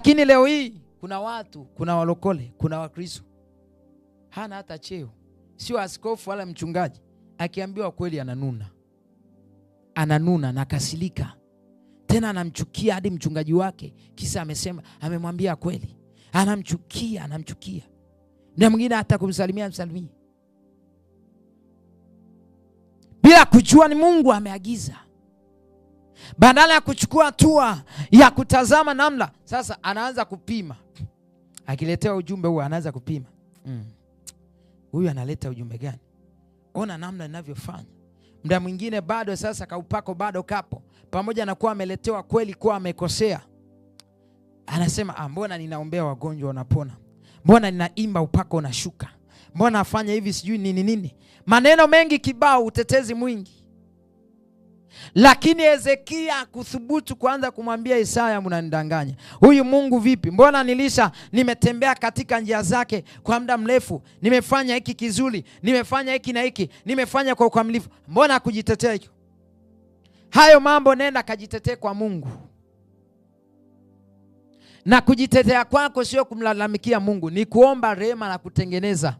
Lakini leo hii kuna watu, kuna walokole, kuna Wakristo hana hata cheo, sio askofu wala mchungaji, akiambiwa kweli ananuna, ananuna na kasilika tena, anamchukia hadi mchungaji wake, kisa amesema, amemwambia kweli, anamchukia, anamchukia, na mwingine hata kumsalimia msalimii bila kujua ni Mungu ameagiza badala ya kuchukua hatua ya kutazama namna, sasa anaanza kupima. akiletea ujumbe huo anaanza kupima mm. huyu mm, analeta ujumbe gani? Ona namna inavyofanya. Mda mwingine bado sasa kaupako bado kapo, pamoja na kuwa ameletewa kweli kuwa amekosea, anasema ah, mbona ninaombea wagonjwa wanapona, mbona ninaimba upako unashuka, mbona afanya hivi, sijui nini nini, maneno mengi kibao, utetezi mwingi lakini Hezekia akuthubutu kuanza kumwambia Isaya, mnanidanganya. Huyu Mungu vipi? Mbona nilisha nimetembea katika njia zake kwa muda mrefu, nimefanya hiki kizuri, nimefanya hiki na hiki, nimefanya kwa ukamilifu. Mbona kujitetea hiko Hayo mambo nenda kajitetee kwa Mungu. Na kujitetea kwako sio kumlalamikia Mungu, ni kuomba rehema na kutengeneza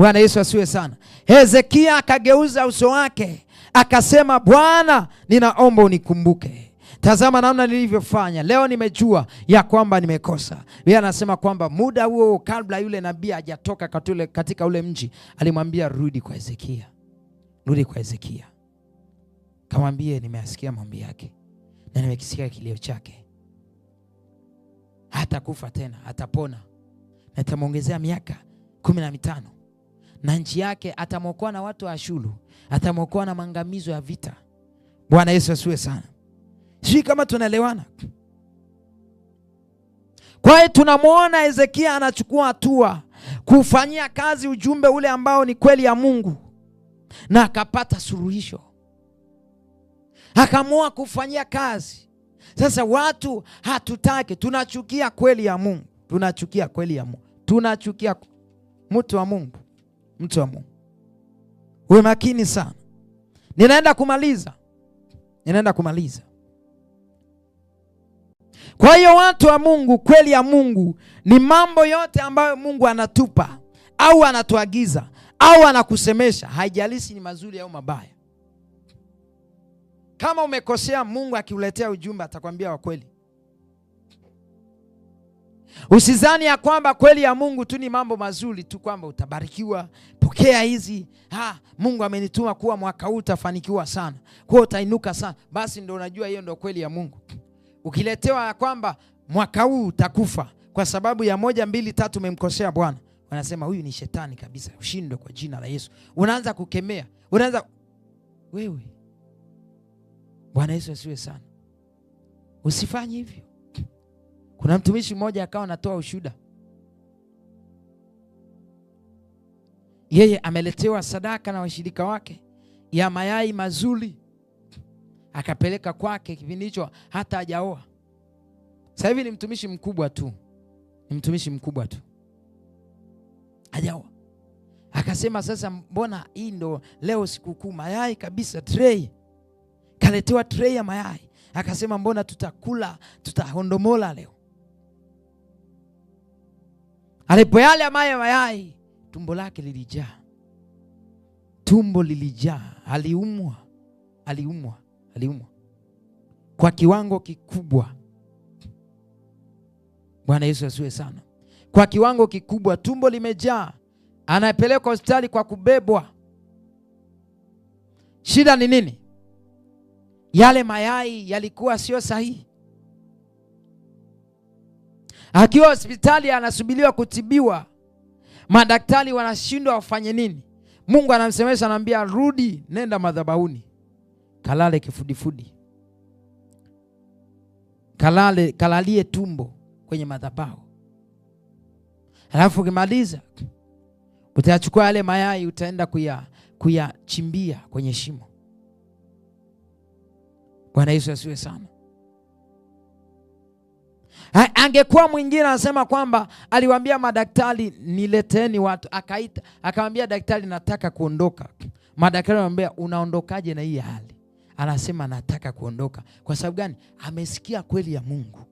Bwana Yesu asiwe sana. Hezekia akageuza uso wake akasema, Bwana, ninaomba unikumbuke Tazama namna nilivyofanya leo, nimejua ya kwamba nimekosa. Yeye anasema kwamba muda huo kabla yule nabii hajatoka katika ule mji, alimwambia rudi kwa Hezekia, rudi kwa Hezekia, kamwambie nimeasikia maombi yake na nimekisikia kilio chake. Hatakufa tena, atapona, na miaka kumi na mitano na nchi yake, atamwokoa na watu wa Ashuru, atamwokoa na maangamizo ya vita. Bwana Yesu asiwe sana. Sijui kama tunaelewana. Kwa hiyo tunamwona Hezekia anachukua hatua kufanyia kazi ujumbe ule ambao ni kweli ya Mungu, na akapata suluhisho, akamua kufanyia kazi. Sasa watu hatutake tunachukia kweli ya Mungu, tunachukia kweli ya Mungu, tunachukia mtu wa Mungu mtu wa Mungu, uwe makini sana. Ninaenda kumaliza, ninaenda kumaliza. Kwa hiyo watu wa Mungu, kweli ya Mungu ni mambo yote ambayo Mungu anatupa au anatuagiza au anakusemesha, haijalishi ni mazuri au mabaya. Kama umekosea, Mungu akiuletea ujumbe atakwambia wa kweli. Usizani ya kwamba kweli ya Mungu tu ni mambo mazuri tu, kwamba utabarikiwa, pokea hizi ha, Mungu amenituma kuwa mwaka huu utafanikiwa sana, kuwa utainuka sana, basi ndo unajua hiyo ndo kweli ya Mungu. Ukiletewa ya kwamba mwaka huu utakufa kwa sababu ya moja mbili tatu umemkosea Bwana, wanasema huyu ni shetani kabisa, ushindwe kwa jina la Yesu. Unaanza kukemea, unaanza wewe. Bwana Yesu asiwe sana, usifanye hivyo. Kuna mtumishi mmoja akawa anatoa ushuda, yeye ameletewa sadaka na washirika wake ya mayai mazuri, akapeleka kwake. Kipindi hicho hata hajaoa. Sasa hivi ni mtumishi mkubwa tu, ni mtumishi mkubwa tu, hajaoa. Akasema sasa, mbona hii ndo leo sikukuu, mayai kabisa, trei kaletewa trei ya mayai. Akasema mbona tutakula, tutahondomola leo alipoyala maya mayai, tumbo lake lilijaa, tumbo lilijaa, aliumwa, aliumwa, aliumwa kwa kiwango kikubwa. Bwana Yesu asiwe sana, kwa kiwango kikubwa, tumbo limejaa, anapelekwa hospitali kwa kubebwa. Shida ni nini? Yale mayai yalikuwa sio sahihi. Akiwa hospitali anasubiliwa kutibiwa, madaktari wanashindwa wafanye nini? Mungu anamsemesha anamwambia, rudi, nenda madhabahuni, kalale kifudifudi, kalale, kalalie tumbo kwenye madhabahu, alafu ukimaliza utayachukua yale mayai, utaenda kuya kuyachimbia kwenye shimo. Bwana Yesu asiwe sana. Ha, angekuwa mwingine anasema kwamba aliwaambia madaktari nileteni watu, akaita akamwambia daktari, nataka kuondoka. Madaktari anamwambia unaondokaje na hii hali? Anasema nataka kuondoka. Kwa sababu gani? Amesikia kweli ya Mungu.